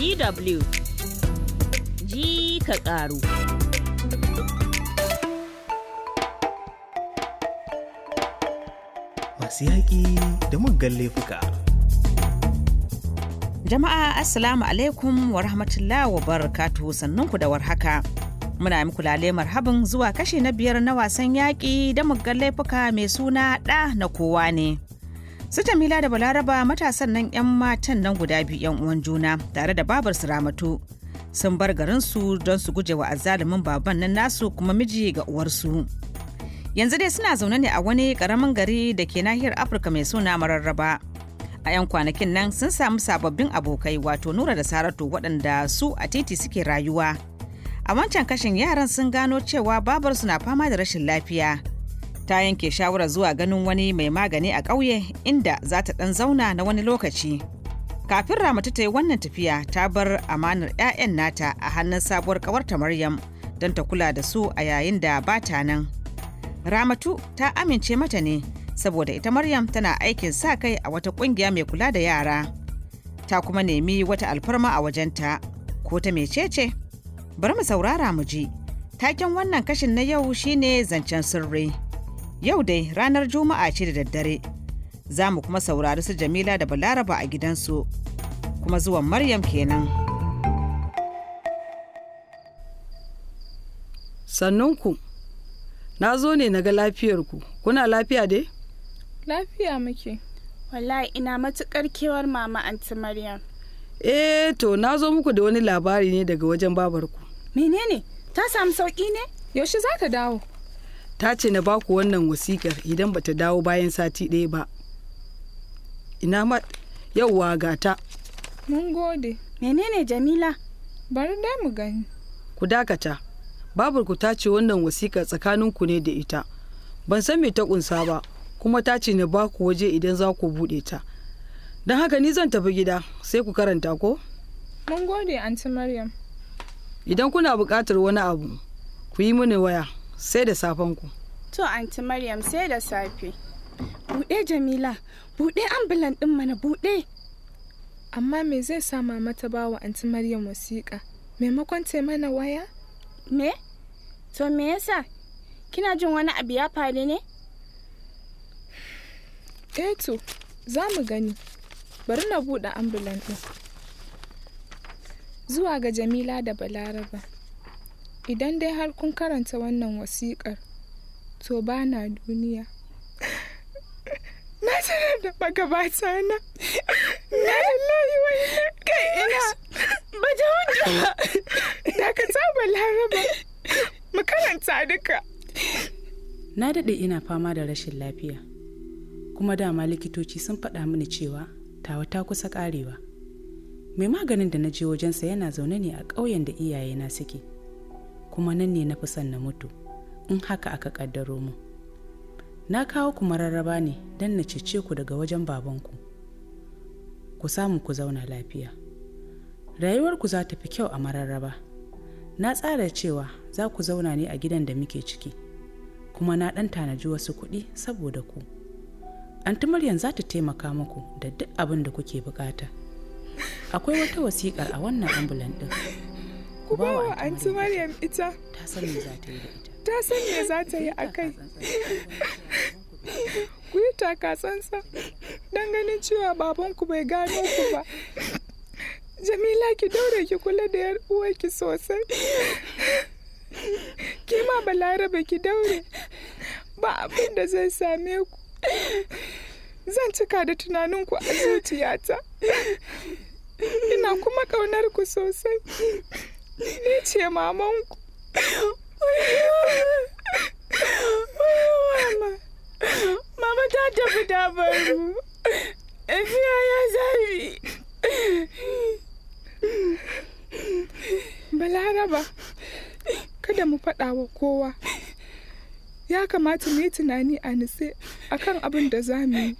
DW ji ka ƙaru. Masu yaƙi da muggan laifuka. Jama'a Assalamu alaikum wa rahmatullahi wa barakatuhu sannunku da warhaka. Muna muku lale marhabin zuwa kashi na biyar na wasan yaƙi da muggan laifuka mai suna ɗa na kowa ne. su jamila da balaraba matasan nan 'yan matan nan guda biyu 'yan uwan juna tare da babar su ramatu sun bar garinsu don su guje wa azzalumin baban nan nasu kuma miji ga uwarsu yanzu dai suna zaune ne a wani karamin gari da ke nahiyar afirka mai suna mararraba a 'yan kwanakin nan sun samu sababbin abokai wato nura da saratu waɗanda su a titi suke rayuwa a wancan kashin yaran sun gano cewa babarsu na fama da rashin lafiya ta yanke shawarar zuwa ganin wani mai magani a ƙauye inda za ta ɗan zauna na wani lokaci. Kafin Ramatu ta yi wannan tafiya ta bar amanar 'ya'yan nata a hannun sabuwar ƙawarta Maryam don ta kula da su a yayin da ba ta nan. Ramatu ta amince mata ne saboda ita Maryam tana aikin sa kai a wata ƙungiya mai kula da yara. Ta kuma nemi wata alfarma a wajenta ko ta mecece? Bari mu saurara mu ji. Taken wannan kashin na yau shine zancen sirri. Yau dai ranar Juma'a ce da daddare. Za mu kuma saurari su Jamila da Balaraba a gidansu. Kuma zuwan Maryam kenan. Sannunku, na zo ne na ga lafiyarku. Kuna lafiya dai? Lafiya muke. Wallahi ina matuƙar kewar mama Anti Maryam. Eh to na zo muku da wani labari ne daga wajen babarku. Menene? Ta samu sauki ne? Yaushe za ka dawo? ta ce na baku wannan wasikar idan ba ta dawo bayan sati ɗaya ba ina ma yauwa gata mun gode menene jamila bari dai mu gani ku dakata ku ta ce wannan wasikar ku ne da ita ban san me ta kunsa ba kuma ta ce na baku waje idan za ku buɗe ta don haka ni zan tafi gida sai ku karanta ko mun gode anti maryam idan kuna buƙatar wani abu ku yi mini waya sai da safen ku to anti maryam sai da safe bude jamila bude ambulan din mana bude. amma me zai sa mama ta bawa wa anti maryam wasiƙa maimakon ta mana waya me to me yasa kina jin wani abu ya faru ne eh to za mu gani bari na bude ambulan din. zuwa ga jamila da balaraba idan dai har kun karanta wannan wasiƙar to ba na duniya na sanar da magabata na na lallahi wani kai ina ba ja hujja da ka saba laraba mu karanta duka na daɗe ina fama da rashin lafiya kuma dama likitoci sun faɗa mini cewa tawa ta kusa ƙarewa mai maganin da na je wajensa yana zaune ne a ƙauyen da iyayena suke kuma nan ne na fi son na mutu in haka aka kaddaro mu na kawo ku mararraba ne don na cece ku daga wajen babanku ku samu ku zauna lafiya rayuwarku za ta fi kyau a mararraba na tsara cewa za ku zauna ne a gidan da muke ciki kuma na ɗan tanaji wasu kuɗi saboda ku anti za ta taimaka muku da duk abin da kuke bukata akwai wata wasiƙar a wannan ambulan ɗin ku ba wa anti maryam ita ta san me za ta yi a kai. ta san me ku yi takasansa. don ganin cewa babanku bai gano ku ba jamila ki daure ki kula da yar uwarki sosai ki ma balarabe ki daure ba abin da zai same ku zan cika da tunanin ku a zuciyata ina kuma ƙaunar ku sosai ni ce mamanku mama ta tafi dabar mu tafiya ya zafi balaraba kada mu faɗa wa kowa ya kamata mu yi tunani a nutse akan abin da za mu yi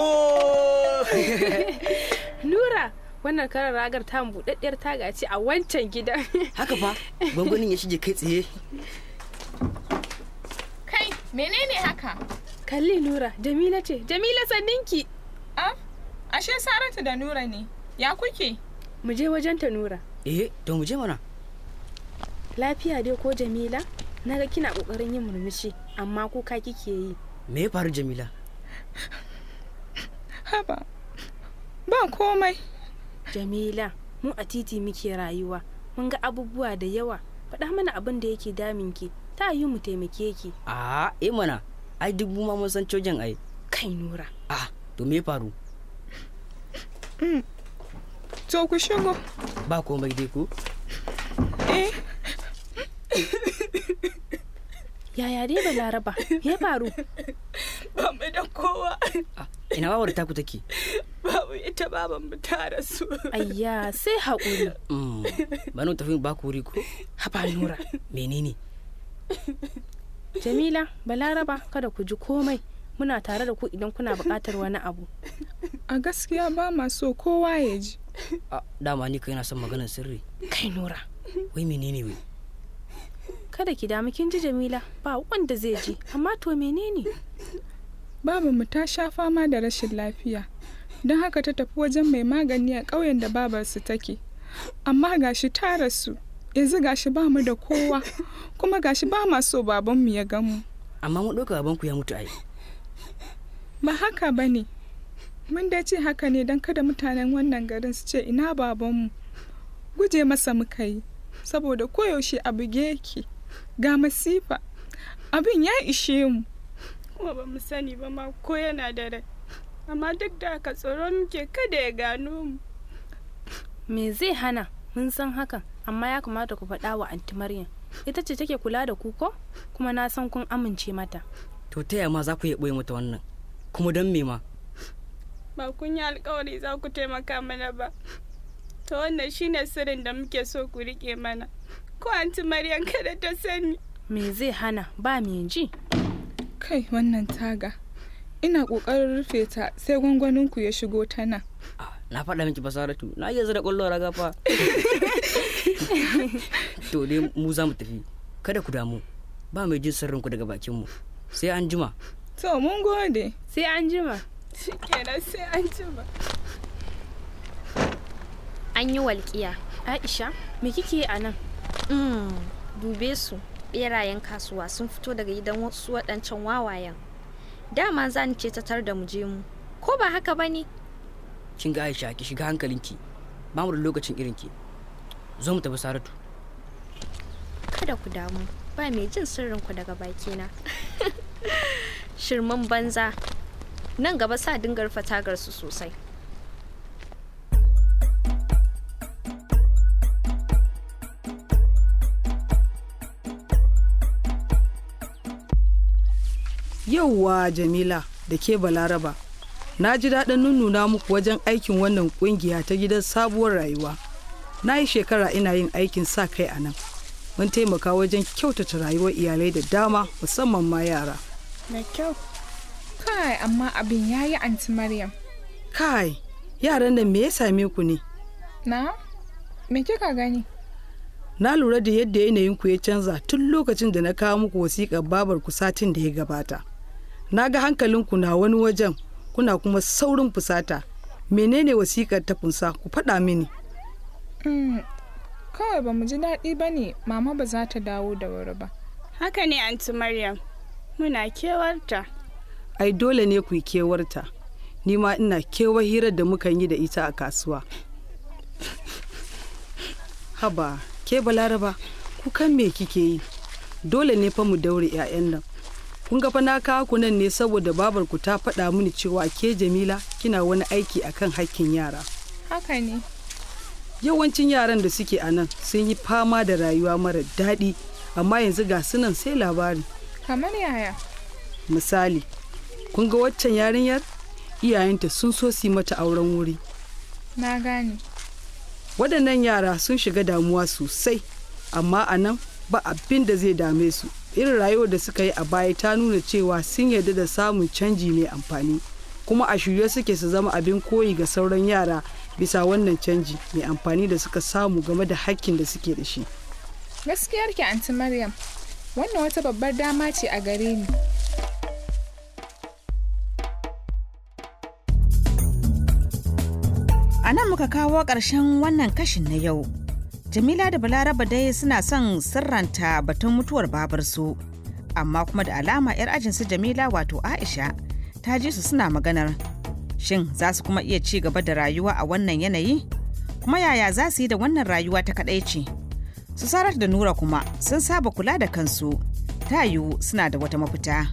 Nura, wannan karar ragar ta buɗaɗɗiyar tagaci a wancan gidan. Haka fa, gwangwanin ya shige kai tsaye. Kai, menene haka? Kalli Nura, Jamila ce, Jamila sanninki. Ah, ashe Saratu da Nura ne. Ya kuke? Mu je wajenta Nura. Eh, to mu je mana. Lafiya dai ko Jamila? Na ga kina kokarin yin murmushi, amma kuka kike yi. Me ya faru Jamila? haba ba komai jamila mu a titi muke rayuwa mun ga abubuwa da yawa faɗa mana abin da yake damin ki ta yi mu taimake ki a e eh mana ai duk mu ma mun san cojin ai kai nura a to me faru mm. to ku shigo ba komai dai ku eh yaya dai laraba ya faru ba mai da kowa ah. ina wawar taku take babu ita baban mu ta rasu ayya sai haƙuri mm. banu tafi ba ku wuri ko hafa nura menene jamila balaraba kada ku ji komai muna tare da ku idan kuna buƙatar wani abu a gaskiya ba ma so kowa ya ji dama ni kai na son maganar sirri kai nura wai menene wai kada ki damu kin ji jamila ba wanda zai ji amma to menene mu ta sha fama da rashin lafiya don haka ta tafi wajen mai magani a ƙauyen da babarsu take amma gashi ta rasu yanzu gashi ba mu da kowa kuma gashi ba ma so babanmu ya gamu amma mu ɗauka babanku ya mutu ai ba haka ba ne mun dai ce haka ne don kada mutanen wannan garin su ce ina babanmu guje masa muka yi saboda koyaushe abu yake ga masifa abin ya ishe mu kuma ba mu sani ba ma ko yana da rai amma duk da aka tsoro muke kada ya gano mu me zai hana mun san hakan amma ya kamata ku faɗa wa anti maryam ita ce take kula da ku ko kuma na san kun amince mata to ta ma za ku iya ɓoye mata wannan kuma don me ma ba kun yi alkawari za ku taimaka mana ba to wannan shine sirrin da muke so ku riƙe mana ko anti maryam kada ta sani me zai hana ba me ji kai wannan taga ina kokarin rufe ta sai gwangwaninku ya shigo ta nan ah, na faɗa miki basaratu na iya zira ƙwallon raga fa to dai mu za mu tafi kada ku damu ba mai jin sirrinku daga bakinmu sai an jima to mun gode sai an jima shikenan sai an jima an yi walƙiya aisha me kike a nan mm, dube su berayen kasuwa sun fito daga gidan wasu waɗancan wawayen dama za ni ce ta tar da muje je mu ko ba haka ba ne kin ga aisha ki shiga hankalinki ba mu da lokacin irin ki zo mu tafi saratu kada ku damu ba mai jin sirrin ku daga bakina shirman banza nan gaba sa dingar fatagar su sosai yauwa jamila da ke balaraba na ji daɗin nunnuna muku wajen aikin wannan ƙungiya ta gidan sabuwar rayuwa na yi shekara ina yin aikin sa kai a nan mun taimaka wajen kyautata rayuwar iyalai da dama musamman ma yara da kyau kai amma abin ya yi anti maryam kai yaran nan me ya same ku ne na me kika gani na lura da yadda yanayinku ya canza tun lokacin da na kawo muku wasikar babar ku satin da ya gabata na ga hankalinku na wani wajen kuna kuma saurin fusata menene wasikar ta funsa ku faɗa mini mm, kawai ba mu ji daɗi ba ne mama ba za ta dawo da wuri ba haka ne anti maryam muna kewarta ai dole ne ku yi kewarta ni ma ina kewa hirar da mukan yi da ita a kasuwa haba ke balaraba kukan me kike yi dole ne fa mu daure 'ya'yan nan kun ga fa na kawo ku nan ne saboda babar ku ta faɗa mini cewa ke Jamila kina wani aiki akan hakkin yara haka ne yawancin yaran da suke a nan sun yi fama da rayuwa mara daɗi amma yanzu ga sunan sai labari kamar yaya misali kun ga waccan yarinyar iyayenta sun so su mata auren wuri na gane waɗannan yara sun shiga damuwa sosai amma a nan ba abin da zai dame su irin rayuwar da suka yi a baya ta nuna cewa sun yarda da samun canji mai amfani kuma a shirye suke su zama abin koyi ga sauran yara bisa wannan canji mai amfani da suka samu game da hakkin da suke da shi gaskiyar ki anti maryam wannan wata babbar dama ce a gare ni a nan muka kawo ƙarshen wannan kashin na yau Jamila da Balaraba dai suna son sirranta batun mutuwar babarsu, amma kuma da alama 'yar ajinsu Jamila wato Aisha ta ji su suna maganar. Shin za su kuma iya ci gaba da rayuwa a wannan yanayi? Kuma yaya za su yi da wannan rayuwa ta kadaici? Su sarar da Nura kuma sun saba kula da kansu, ta yiwu suna da wata mafita.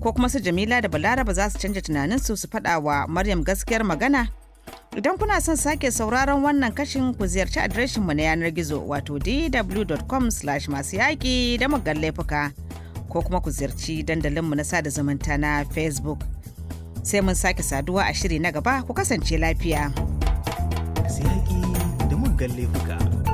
Ko kuma su Jamila da Balaraba za su canja tunaninsu su faɗa wa Maryam gaskiyar magana? Idan kuna son sake sauraron wannan kashin ku ziyarci adireshinmu na yanar gizo wato dw.com masu yaƙi da muggan laifuka ko kuma ku ziyarci dandalinmu na sada zumunta na Facebook. Sai mun sake saduwa a shiri na gaba ku kasance lafiya. Masu yaƙi da muggan laifuka.